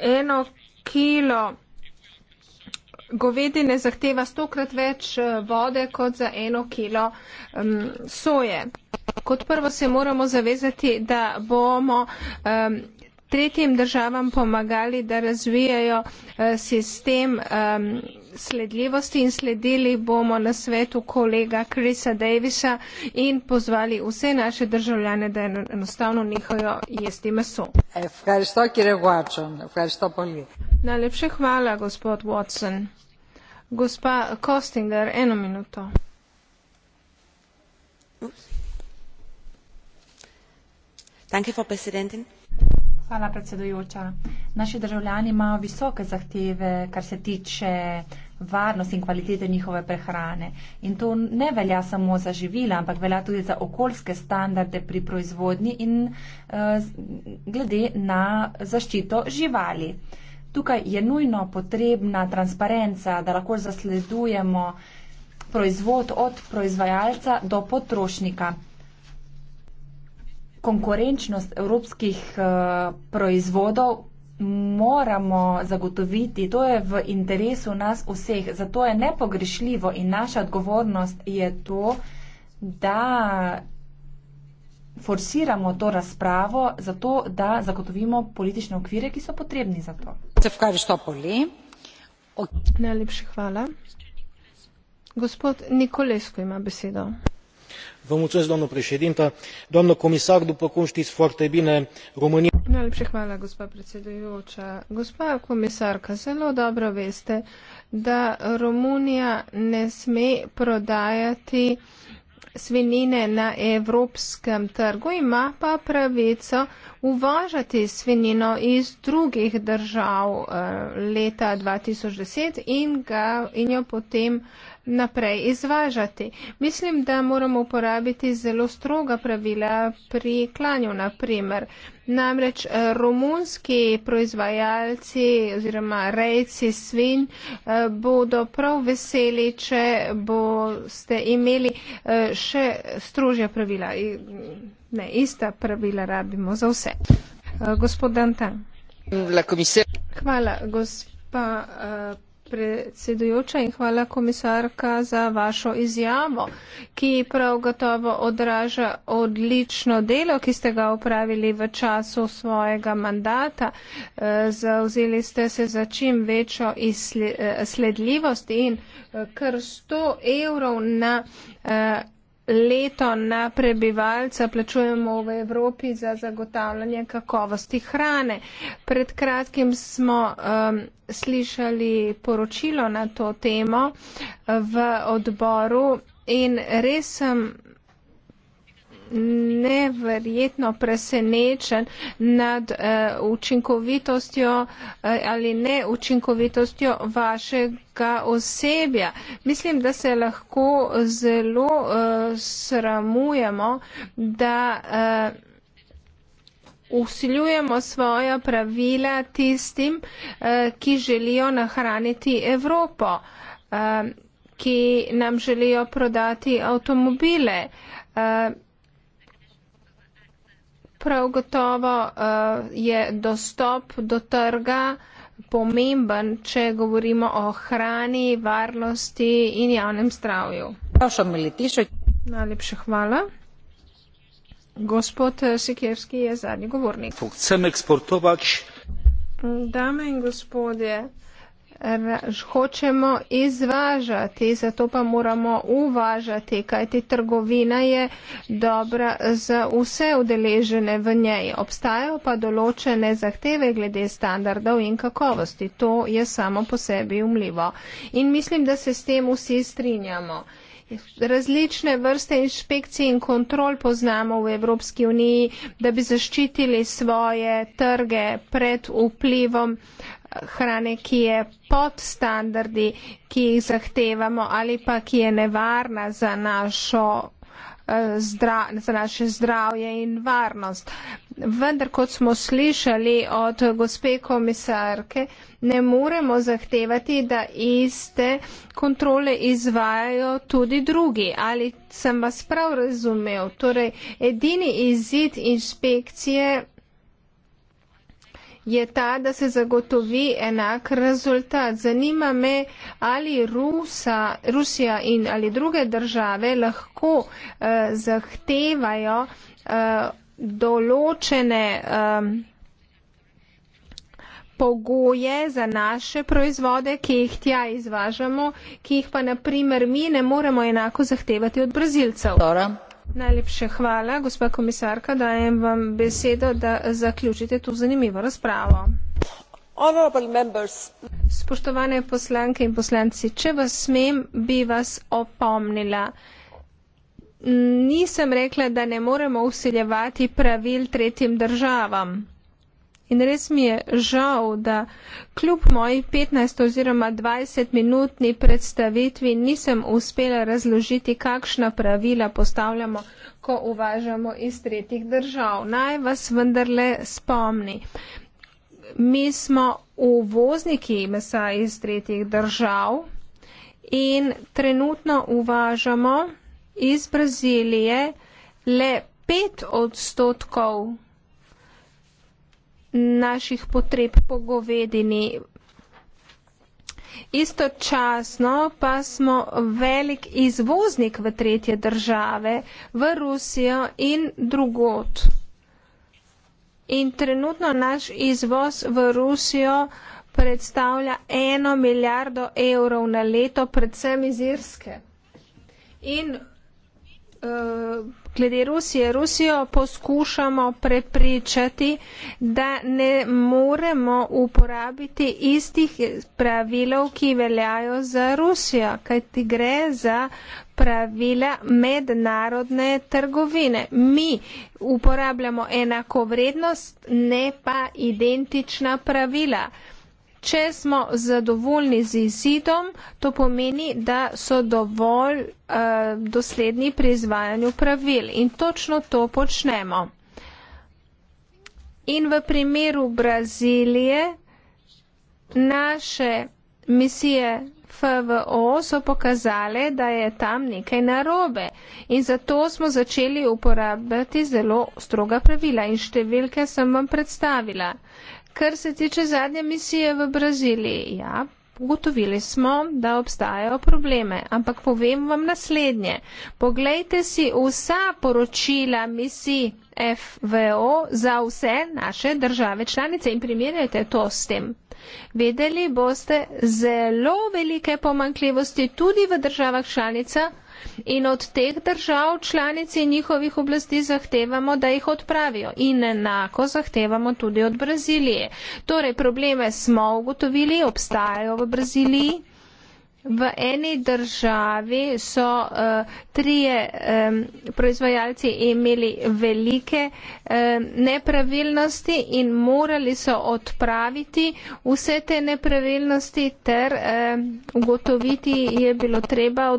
eno kilo govedine zahteva stokrat več eh, vode kot za eno kilo um, soje. Kot prvo se moramo zavezati, da bomo um, tretjim državam pomagali, da razvijajo eh, sistem um, sledljivosti in sledili bomo na svetu kolega Krisa Davisa in pozvali vse naše državljane, da enostavno nehajo jesti meso. Najlepše hvala, gospod Watson. Gospa Kostinger, eno minuto. Danke, Frau Präsidentin. Hvala, predsedujoča. Naši državljani imajo visoke zahteve, kar se tiče varnost in kvalitete njihove prehrane. In to ne velja samo za živila, ampak velja tudi za okoljske standarde pri proizvodnji in uh, glede na zaščito živali. Tukaj je nujno potrebna transparenca, da lahko zasledujemo proizvod od proizvajalca do potrošnika konkurenčnost evropskih uh, proizvodov moramo zagotoviti. To je v interesu nas vseh. Zato je nepogrešljivo in naša odgovornost je to, da forsiramo to razpravo, zato da zagotovimo politične okvire, ki so potrebni za to. Najlepša hvala. Gospod Nikolesko ima besedo după cum știți foarte bine românia. Domnule Prihvala, gospa predsedujoča, gospa komisarka, zelo dobro veste, da Romunija ne sme prodajati svinine na evropskem trgu, ima pa pravico uvažati svinino iz drugih držav eh, leta 2010 in, ga, in jo potem uh, naprej izvažati. Mislim, da moramo uporabiti zelo stroga pravila pri klanju, naprimer. Namreč eh, romunski proizvajalci oziroma rejci svin eh, bodo prav veseli, če boste imeli eh, še strožja pravila. Ne, ista pravila rabimo za vse. Gospod Dantan. Hvala, gospa. Uh, predsedujoča in hvala komisarka za vašo izjavo, ki prav gotovo odraža odlično delo, ki ste ga upravili v času svojega mandata. Eh, Zauzeli ste se za čim večjo eh, sledljivost in eh, kar 100 evrov na leto na prebivalca plačujemo v Evropi za zagotavljanje kakovosti hrane. Pred kratkim smo um, slišali poročilo na to temo uh, v odboru in res sem. Um, neverjetno presenečen nad uh, učinkovitostjo uh, ali neučinkovitostjo vašega osebja. Mislim, da se lahko zelo uh, sramujemo, da. Uh, Usiljujemo svoja pravila tistim, ki želijo nahraniti Evropo, ki nam želijo prodati avtomobile prav gotovo eh, je dostop do trga pomemben, če govorimo o hrani, varnosti in javnem zdravju. Najlepša hvala. Gospod eh, Sikerski je zadnji govornik. Dame in gospodje, hočemo izvažati, zato pa moramo uvažati, kajti trgovina je dobra za vse udeležene v njej. Obstajajo pa določene zahteve glede standardov in kakovosti. To je samo po sebi umljivo. In mislim, da se s tem vsi strinjamo. Različne vrste inšpekcij in kontrol poznamo v Evropski uniji, da bi zaščitili svoje trge pred vplivom uh, hrane, ki je pod standardi, ki jih zahtevamo ali pa ki je nevarna za, našo, eh, zdra, za naše zdravje in varnost. Vendar, kot smo slišali od gospe komisarke, ne moremo zahtevati, da iste kontrole izvajajo tudi drugi. Ali sem vas prav razumel? Torej, edini izid inšpekcije je ta, da se zagotovi enak rezultat. Zanima me, ali Rusa, Rusija in ali druge države lahko eh, zahtevajo eh, določene eh, pogoje za naše proizvode, ki jih tja izvažamo, ki jih pa naprimer mi ne moremo enako zahtevati od brazilcev. Dora. Najlepša hvala. Gospa komisarka, dajem vam besedo, da zaključite to zanimivo razpravo. Spoštovane poslanke in poslanci, če vas smem, bi vas opomnila. Nisem rekla, da ne moremo usiljevati pravil tretjim državam. In res mi je žal, da kljub moji 15 oziroma 20 minutni predstavitvi nisem uspela razložiti, kakšna pravila postavljamo, ko uvažamo iz tretjih držav. Naj vas vendarle spomni. Mi smo uvozniki mesa iz tretjih držav in trenutno uvažamo iz Brazilije le 5 odstotkov naših potreb po govedini. Istočasno pa smo velik izvoznik v tretje države, v Rusijo in drugot. In trenutno naš izvoz v Rusijo predstavlja eno milijardo evrov na leto, predvsem iz Irske. In glede Rusije. Rusijo poskušamo prepričati, da ne moremo uporabiti istih pravilov, ki veljajo za Rusijo, kajti gre za pravila mednarodne trgovine. Mi uporabljamo enako vrednost, ne pa identična pravila. Če smo zadovoljni z izidom, to pomeni, da so dovolj uh, dosledni pri izvajanju pravil in točno to počnemo. In v primeru Brazilije naše misije FVO so pokazale, da je tam nekaj narobe in zato smo začeli uporabljati zelo stroga pravila in številke sem vam predstavila. Kar se tiče zadnje misije v Braziliji, ja, ugotovili smo, da obstajajo probleme, ampak povem vam naslednje. Poglejte si vsa poročila misij FVO za vse naše države članice in primerjajte to s tem. Vedeli boste zelo velike pomankljivosti tudi v državah članicah, in od teh držav članic in njihovih oblasti zahtevamo, da jih odpravijo. In enako zahtevamo tudi od Brazilije. Torej, probleme smo ugotovili, obstajajo v Braziliji. V eni državi so uh, trije um, proizvajalci imeli velike um, nepravilnosti in morali so odpraviti vse te nepravilnosti ter um, ugotoviti je bilo treba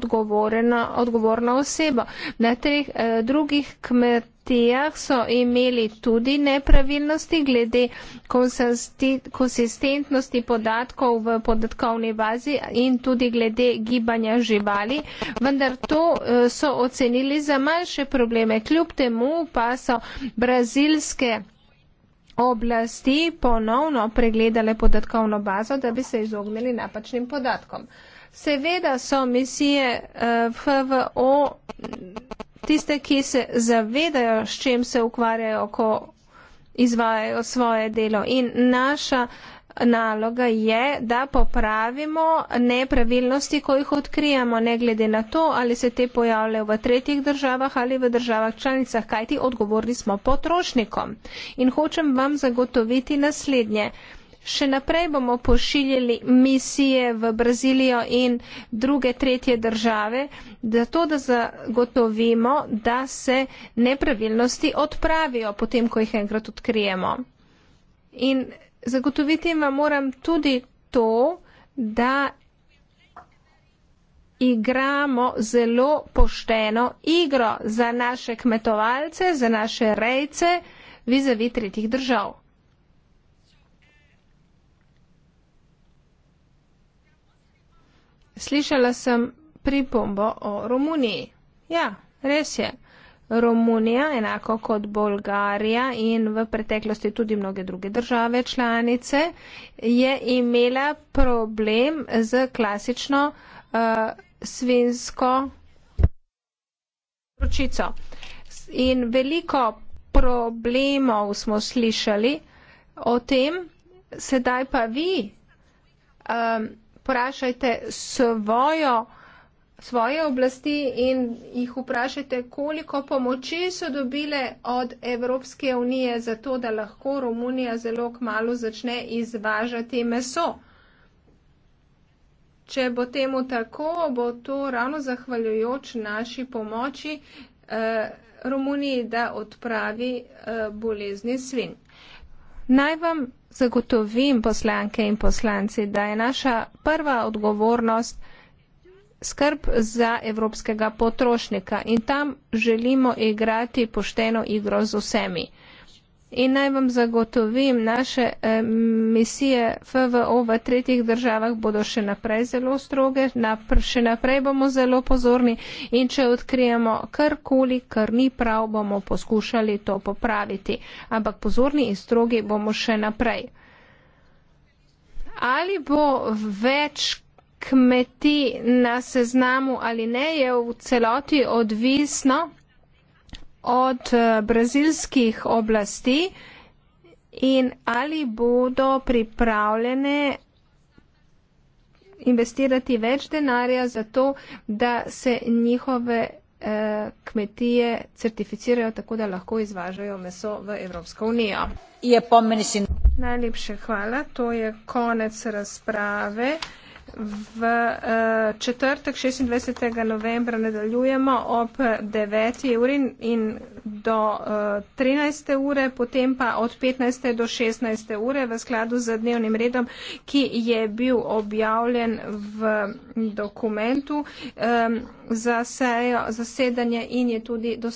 odgovorno osebo. Na treh uh, drugih kmet Tijah so imeli tudi nepravilnosti glede konsistentnosti podatkov v podatkovni bazi in tudi glede gibanja živali, vendar to eh, so ocenili za manjše probleme. Kljub temu pa so brazilske oblasti ponovno pregledale podatkovno bazo, da bi se izognili napačnim podatkom. Seveda so misije eh, FVO tiste, ki se zavedajo, s čem se ukvarjajo, ko izvajajo svoje delo. In naša naloga je, da popravimo nepravilnosti, ko jih odkrijamo, ne glede na to, ali se te pojavljajo v tretjih državah ali v državah članicah, kajti odgovorni smo potrošnikom. In hočem vam zagotoviti naslednje. Še naprej bomo pošiljali misije v Brazilijo in druge tretje države, zato da zagotovimo, da se nepravilnosti odpravijo, potem ko jih enkrat odkrijemo. In zagotoviti vam moram tudi to, da igramo zelo pošteno igro za naše kmetovalce, za naše rejce, vizavi tretjih držav. Slišala sem pripombo o Romuniji. Ja, res je. Romunija, enako kot Bolgarija in v preteklosti tudi mnoge druge države članice, je imela problem z klasično uh, eh, svinsko ročico. In veliko problemov smo slišali o tem, sedaj pa vi. Um, vprašajte svojo, svoje oblasti in jih vprašajte, koliko pomoči so dobile od Evropske unije za to, da lahko Romunija zelo kmalo začne izvažati meso. Če bo temu tako, bo to ravno zahvaljujoč naši pomoči eh, Romuniji, da odpravi eh, bolezni svin. Naj vam zagotovim poslanke in poslanci, da je naša prva odgovornost skrb za evropskega potrošnika in tam želimo igrati pošteno igro z vsemi. In naj vam zagotovim, naše eh, misije FVO v tretjih državah bodo še naprej zelo stroge, še naprej bomo zelo pozorni in če odkrijemo karkoli, kar ni prav, bomo poskušali to popraviti. Ampak pozorni in strogi bomo še naprej. Ali bo več kmeti na seznamu ali ne, je v celoti odvisno od eh, brazilskih oblasti in ali bodo pripravljene investirati več denarja za to, da se njihove eh, kmetije certificirajo tako, da lahko izvažajo meso v Evropsko unijo. Najlepše hvala. To je konec razprave v eh, četrtek 26. novembra nadaljujemo ob 9. uri in do 13. Eh, ure, potem pa od 15. do 16. ure v skladu z dnevnim redom, ki je bil objavljen v dokumentu eh, za, sejo, za sedanje in je tudi dostopen.